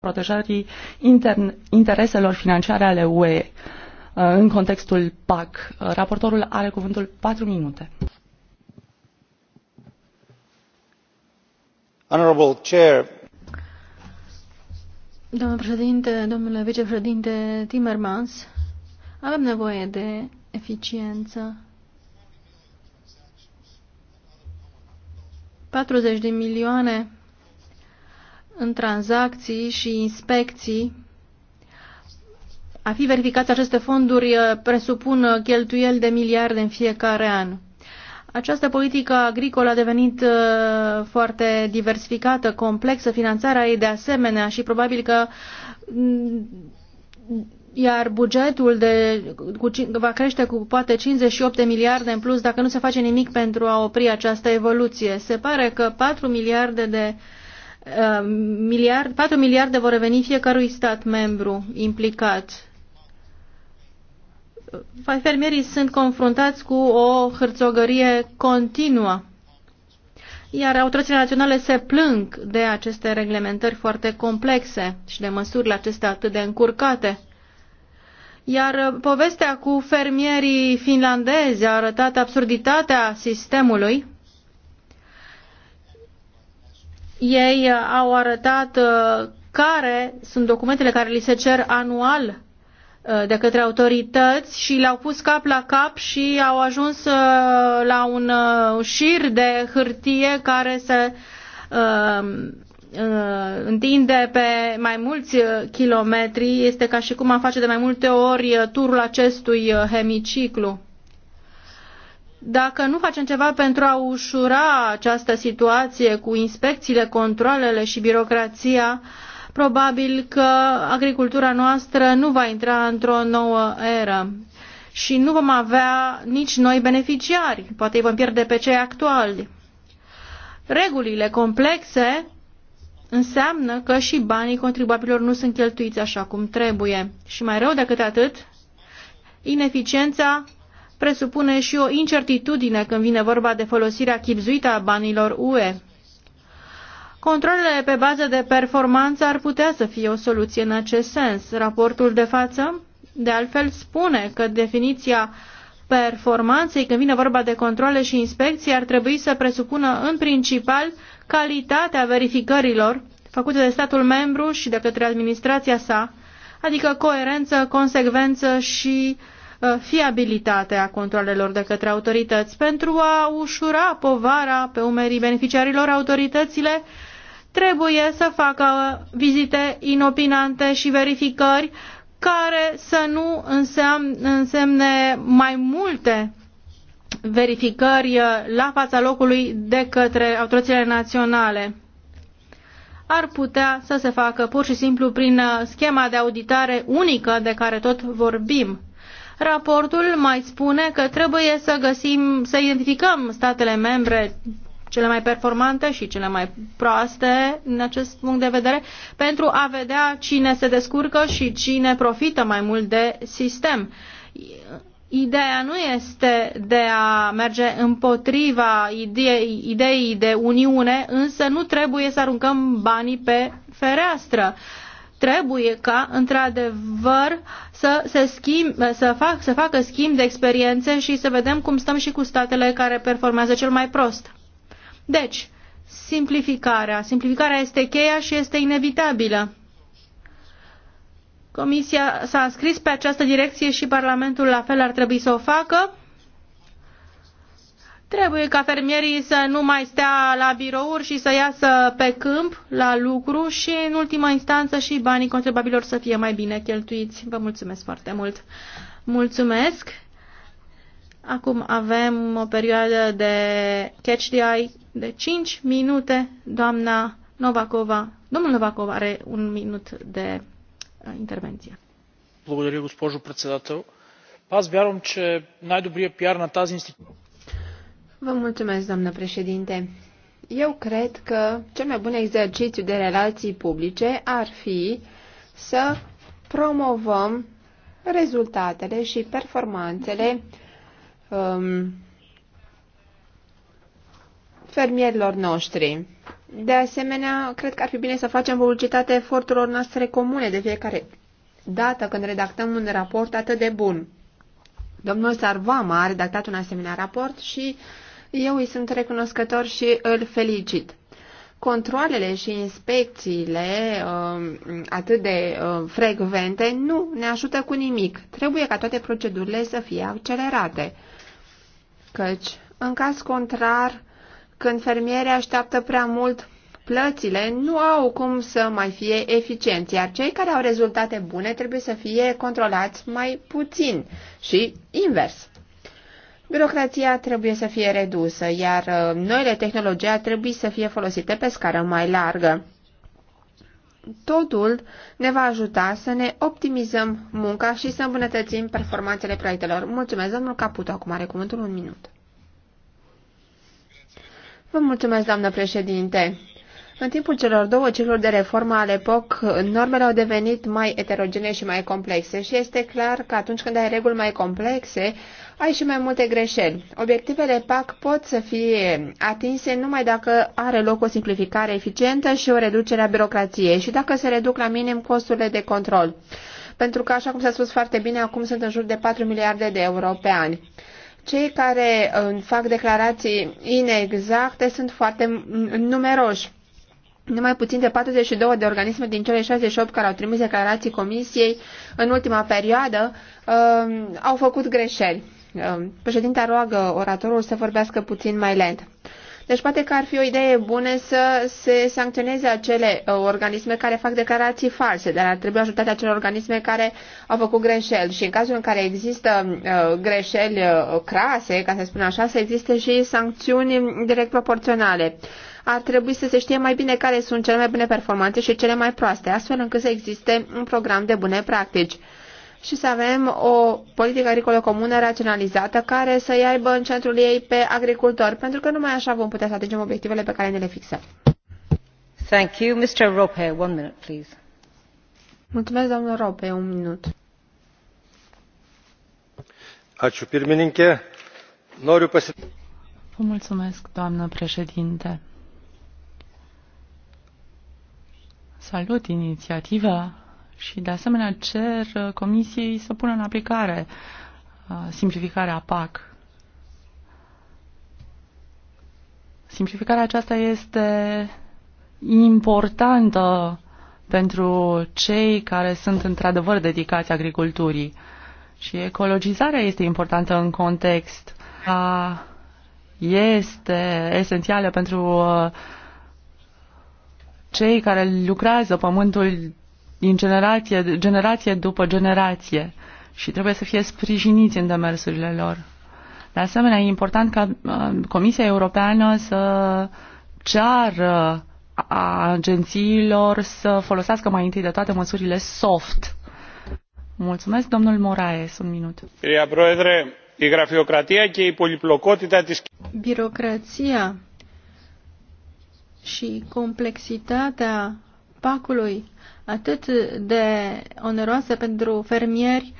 protejării intereselor financiare ale UE uh, în contextul PAC. Raportorul are cuvântul 4 minute. Honorable Chair. Domnule președinte, domnule vicepreședinte Timmermans, avem nevoie de eficiență. 40 de milioane în tranzacții și inspecții. A fi verificați aceste fonduri uh, presupun uh, cheltuieli de miliarde în fiecare an. Această politică agricolă a devenit uh, foarte diversificată, complexă, finanțarea ei de asemenea și probabil că mm, iar bugetul de, cu, va crește cu poate 58 de miliarde în plus dacă nu se face nimic pentru a opri această evoluție. Se pare că 4 miliarde de uh, Ehm, miliard, 4 miliarde vor reveni fiecărui stat membru implicat. Fermierii sunt confruntați cu o hârțogărie continuă, iar autoritățile naționale se plâng de aceste reglementări foarte complexe și de măsurile acestea atât de încurcate. Iar uh, povestea cu fermierii finlandezi a arătat absurditatea sistemului ei uh, au arătat uh, care sunt documentele care li se cer anual uh, de către autorități și le-au pus cap la cap și au ajuns la un șir de hârtie care se întinde pe mai mulți kilometri. Este ca și cum am face de mai multe ori turul acestui hemiciclu. Dacă nu facem ceva pentru a ușura această situație cu inspecțiile, controlele și birocrația, probabil că agricultura noastră nu va intra într-o nouă eră și nu vom avea nici noi beneficiari, poate îi vom pierde pe cei actuali. Regulile complexe înseamnă că și banii contribuabililor nu sunt cheltuiți așa cum trebuie. Și mai rău decât atât, ineficiența presupune și o incertitudine când vine vorba de folosirea chipzuită a banilor UE. Controlele pe bază de performanță ar putea să fie o soluție în acest sens. Raportul de față, de altfel, spune că definiția performanței când vine vorba de controle și inspecții ar trebui să presupună în principal calitatea verificărilor făcute de statul membru și de către administrația sa, adică coerență, consecvență și uh, Uh, fiabilitatea controlelor de către autorități. Pentru a ușura povara pe umerii beneficiarilor, autoritățile trebuie să facă vizite inopinante și verificări care să nu însemne mai multe verificări la fața locului de către autoritățile naționale ar putea să se facă pur și simplu prin schema de auditare unică de care tot vorbim. Raportul mai spune că trebuie să găsim, să identificăm statele membre cele mai performante și cele mai proaste în acest punct de vedere pentru a vedea cine se descurcă și cine profită mai mult de sistem. Ideea nu este de a merge împotriva ideii, ideii de uniune, însă nu trebuie să aruncăm banii pe fereastră. Uh, trebuie ca, într-adevăr, să se schimb, să, fac, să facă schimb de experiențe și să vedem cum stăm și cu statele care performează cel mai prost. Deci, simplificarea. Simplificarea este cheia și este inevitabilă. Comisia s-a înscris pe această direcție și Parlamentul la fel ar trebui să o facă Trebuie ca fermierii să nu mai stea la birouri și să iasă pe câmp la lucru și, în ultima instanță, și banii contribuabililor să fie mai bine cheltuiți. Vă mulțumesc foarte mult! Mulțumesc! Acum avem o perioadă de catch the eye de 5 minute. Doamna Novakova, domnul Novakova are un minut de uh, intervenție. Благодаря, госпожо председател. Аз вярвам, че най-добрият пиар на тази институция Vă mulțumesc, doamnă președinte. Eu cred că cel mai bun exercițiu de relații publice ar fi să promovăm rezultatele și performanțele um, fermierilor noștri. De asemenea, cred că ar fi bine să facem publicitate eforturilor noastre comune de fiecare dată când redactăm un raport atât de bun. Domnul Sarvama a redactat un asemenea raport și uh, eu îi sunt recunoscător și îl felicit. Controlele și inspecțiile um, atât de um, frecvente nu ne ajută cu nimic. Trebuie ca toate procedurile să fie accelerate. Căci, în caz contrar, când fermierii așteaptă prea mult, plățile nu au cum să mai fie eficienți, iar cei care au rezultate bune trebuie să fie controlați mai puțin și invers. Birocrația trebuie să fie redusă, iar uh, noile tehnologii trebuie să fie folosite pe scară mai largă. Totul ne va ajuta să ne optimizăm munca și să îmbunătățim performanțele proiectelor. Mulțumesc, domnul Caputo. Acum are cuvântul un minut. Vă mulțumesc, doamnă președinte. În timpul celor două cicluri de reformă ale POC, normele au devenit mai eterogene și mai complexe și este clar că atunci când ai reguli mai complexe, ai și mai multe greșeli. Obiectivele PAC pot să fie atinse numai dacă are loc o simplificare eficientă și o reducere a birocrației și dacă se reduc la minim costurile de control. Pentru că, așa cum s-a spus foarte bine, acum sunt în jur de 4 miliarde de euro pe an. Cei care uh, fac declarații inexacte sunt foarte numeroși. Numai puțin de 42 de organisme din cele 68 care au trimis declarații comisiei în ultima perioadă uh, au făcut greșeli. Um, președinta roagă oratorul să vorbească puțin mai lent. Deci poate că ar fi o idee bună să se sancționeze acele uh, organisme care fac declarații false, dar ar trebui ajutate acele organisme care au făcut greșeli. Și în cazul în care există uh, greșeli uh, crase, ca să spun așa, să existe și sancțiuni direct proporționale. Ar trebui să se știe mai bine care sunt cele mai bune performanțe și cele mai proaste, astfel încât să existe un program de bune practici și să avem o politică agricolă comună raționalizată care să aibă în centrul ei pe agricultori, pentru că numai așa vom putea să atingem obiectivele pe care ne le fixăm. Thank you. Mr. Rope, one minute, please. Mulțumesc, domnul Rope, un minut. Aciu, pirmininche, Noriu pe... Vă mulțumesc, doamnă președinte. Salut inițiativa și de asemenea cer uh, Comisiei să pună în aplicare uh, simplificarea PAC. Simplificarea aceasta este importantă pentru cei care sunt într-adevăr dedicați agriculturii. Și ecologizarea este importantă în context. A, este esențială pentru uh, cei care lucrează pământul din generație, generație după generație și trebuie să fie sprijiniți în demersurile lor. De asemenea, e important ca uh, Comisia Europeană să ceară agențiilor să folosească mai întâi de toate măsurile soft. Mulțumesc, domnul Moraes, un minut. Birocrația și complexitatea pacului atât de oneroase pentru fermieri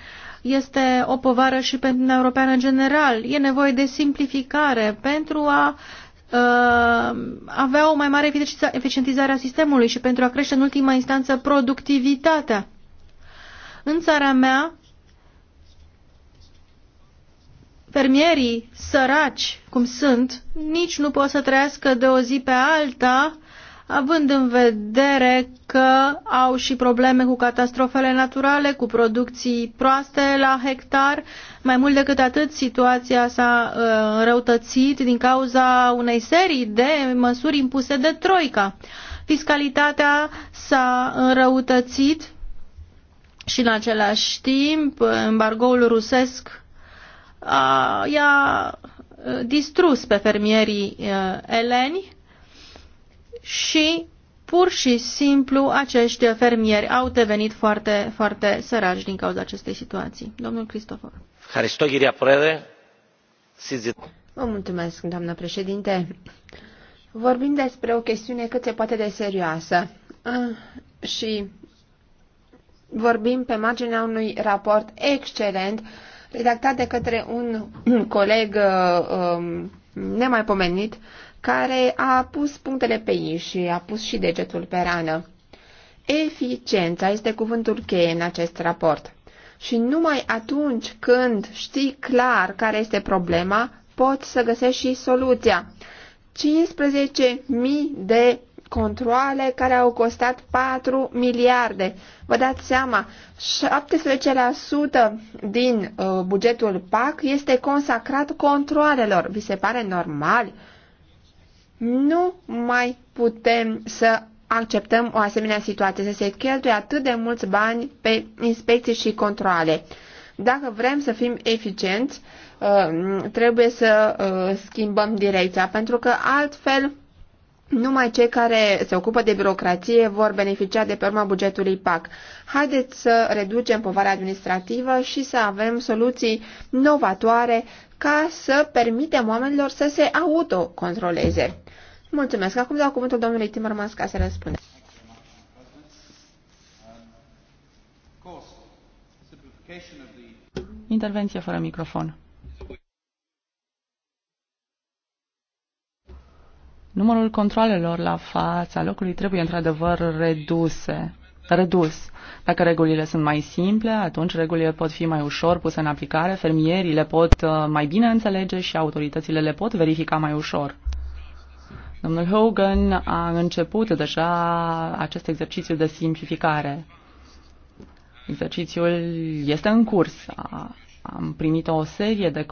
este o povară și pentru Uniunea Europeană în general. E nevoie de simplificare pentru a uh, avea o mai mare eficientizare a sistemului și pentru a crește în ultima instanță productivitatea. În țara mea, fermierii săraci, cum sunt, nici nu pot să trăiască de o zi pe alta având în vedere că au și probleme cu catastrofele naturale, cu producții proaste la hectar. Mai mult decât atât, situația s-a uh, înrăutățit din cauza unei serii de măsuri impuse de Troica. Fiscalitatea s-a înrăutățit și în același timp embargoul rusesc uh, i-a uh, distrus pe fermierii eleni și pur și simplu acești fermieri au devenit foarte, foarte săraci din cauza acestei situații. Domnul Cristofor. Vă mulțumesc, doamnă președinte. Vorbim despre o chestiune cât se poate de serioasă ah, și vorbim pe marginea unui raport excelent redactat de către un coleg uh, um, nemaipomenit, care a pus punctele pe ei și a pus și degetul pe rană. Eficiența este cuvântul cheie în acest raport. Și numai atunci când știi clar care este problema, poți să găsești și soluția. 15.000 de controle care au costat 4 miliarde. Vă dați seama, 17% din uh, bugetul PAC este consacrat controlelor. Vi se pare normal? Nu mai putem să acceptăm o asemenea situație, să se cheltuie atât de mulți bani pe inspecții și controle. Dacă vrem să fim eficienți, uh, trebuie să uh, schimbăm direcția, pentru că altfel numai cei care se ocupă de birocrație vor beneficia de pe urma bugetului PAC. Haideți să reducem povara administrativă și să avem soluții novatoare ca să permitem oamenilor să se autocontroleze. Mulțumesc. Acum dau cuvântul domnului Timmermans ca să răspundă. Intervenție fără microfon. Numărul controlelor la fața locului trebuie într-adevăr reduse redus. Dacă regulile sunt mai simple, atunci regulile pot fi mai ușor puse în aplicare, fermierii le pot uh, mai bine înțelege și autoritățile le pot verifica mai ușor. Domnul Hogan a început deja acest exercițiu de simplificare. Exercițiul este în curs. Am primit o serie de,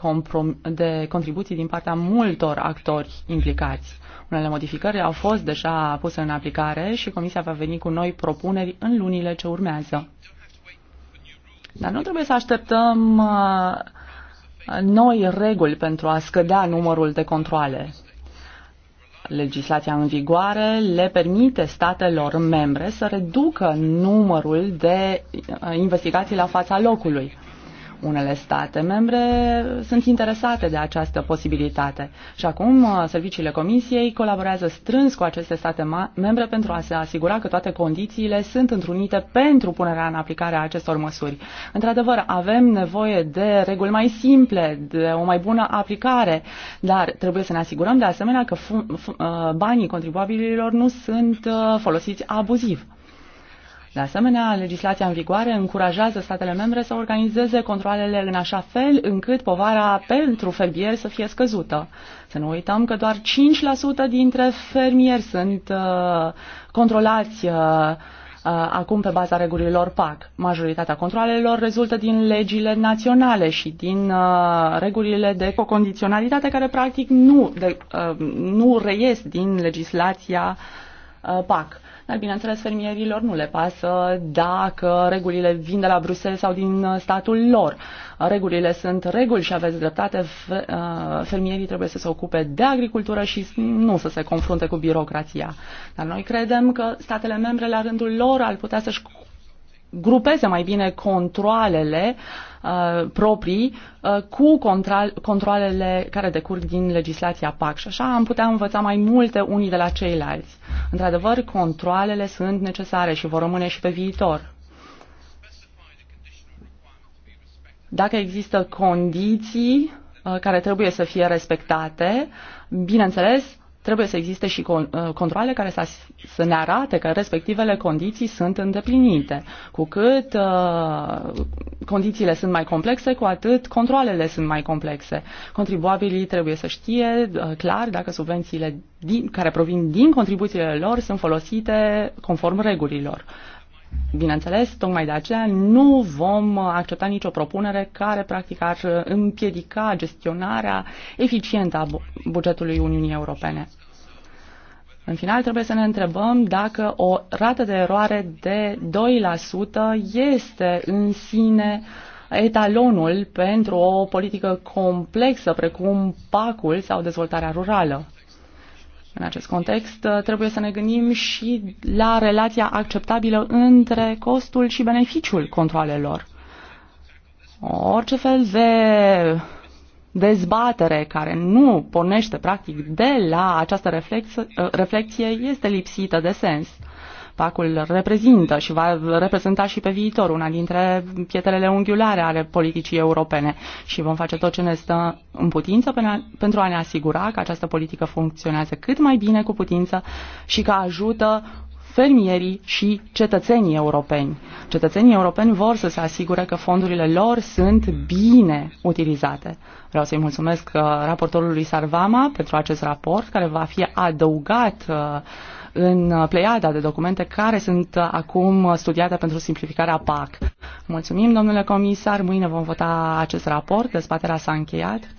de contribuții din partea multor actori implicați. Unele modificări au fost deja puse în aplicare și Comisia va veni cu noi propuneri în lunile ce urmează. Dar nu trebuie să așteptăm uh, noi reguli pentru a scădea numărul de controle. Legislația în vigoare le permite statelor membre să reducă numărul de uh, investigații la fața locului. Unele state membre sunt interesate de această posibilitate și acum uh, serviciile Comisiei colaborează strâns cu aceste state membre pentru a se asigura că toate condițiile sunt întrunite pentru punerea în aplicare a acestor măsuri. Într-adevăr, avem nevoie de reguli mai simple, de o mai bună aplicare, dar trebuie să ne asigurăm de asemenea că uh, banii contribuabililor nu sunt uh, folosiți abuziv. De asemenea, legislația în vigoare încurajează statele membre să organizeze controlele în așa fel încât povara pentru fermieri să fie scăzută. Să nu uităm că doar 5% dintre fermieri sunt uh, controlați uh, uh acum pe baza regulilor PAC. Majoritatea controlelor rezultă din legile naționale și din uh, regulile de condiționalitate care practic nu, de, uh, nu reies din legislația uh, Uh, PAC. Dar, bineînțeles, fermierilor nu le pasă dacă regulile vin de la Bruxelles sau din uh, statul lor. Uh, regulile sunt reguli și aveți dreptate. Fermierii trebuie să se ocupe de agricultură și nu să se confrunte cu birocrația. Dar noi credem că statele membre, la rândul lor, ar putea să-și grupeze mai bine controlele uh, proprii uh, cu controlele care decurg din legislația PAC și așa am putea învăța mai multe unii de la ceilalți. Într-adevăr, controlele sunt necesare și vor rămâne și pe viitor. Dacă există condiții uh, care trebuie să fie respectate, bineînțeles, Trebuie să existe și uh, controle care să, să ne arate că respectivele condiții sunt îndeplinite. Cu cât uh, condițiile sunt mai complexe, cu atât controlele sunt mai complexe. Contribuabilii trebuie să știe uh, clar dacă subvențiile din, care provin din contribuțiile lor sunt folosite conform regulilor. Bineînțeles, tocmai de aceea nu vom accepta nicio propunere care practic ar împiedica gestionarea eficientă a bugetului Uniunii Europene. În final, trebuie să ne întrebăm dacă o rată de eroare de 2% este în sine etalonul pentru o politică complexă precum PAC-ul sau dezvoltarea rurală. În acest context, uh, trebuie să ne gândim și la relația acceptabilă între costul și beneficiul controalelor. Orice fel de dezbatere care nu pornește practic de la această reflexie, uh, reflexie este lipsită de sens. Pacul reprezintă și va reprezenta și pe viitor una dintre pietrele unghiulare ale politicii europene și vom face tot ce ne stă în putință pentru a ne asigura că această politică funcționează cât mai bine cu putință și că ajută fermierii și cetățenii europeni. Cetățenii europeni vor să se asigure că fondurile lor sunt bine utilizate. Vreau să-i mulțumesc uh, raportorului Sarvama pentru acest raport care va fi adăugat uh, în pleiada de documente care sunt acum studiate pentru simplificarea PAC. Mulțumim, domnule comisar. Mâine vom vota acest raport. Dezbaterea s-a încheiat.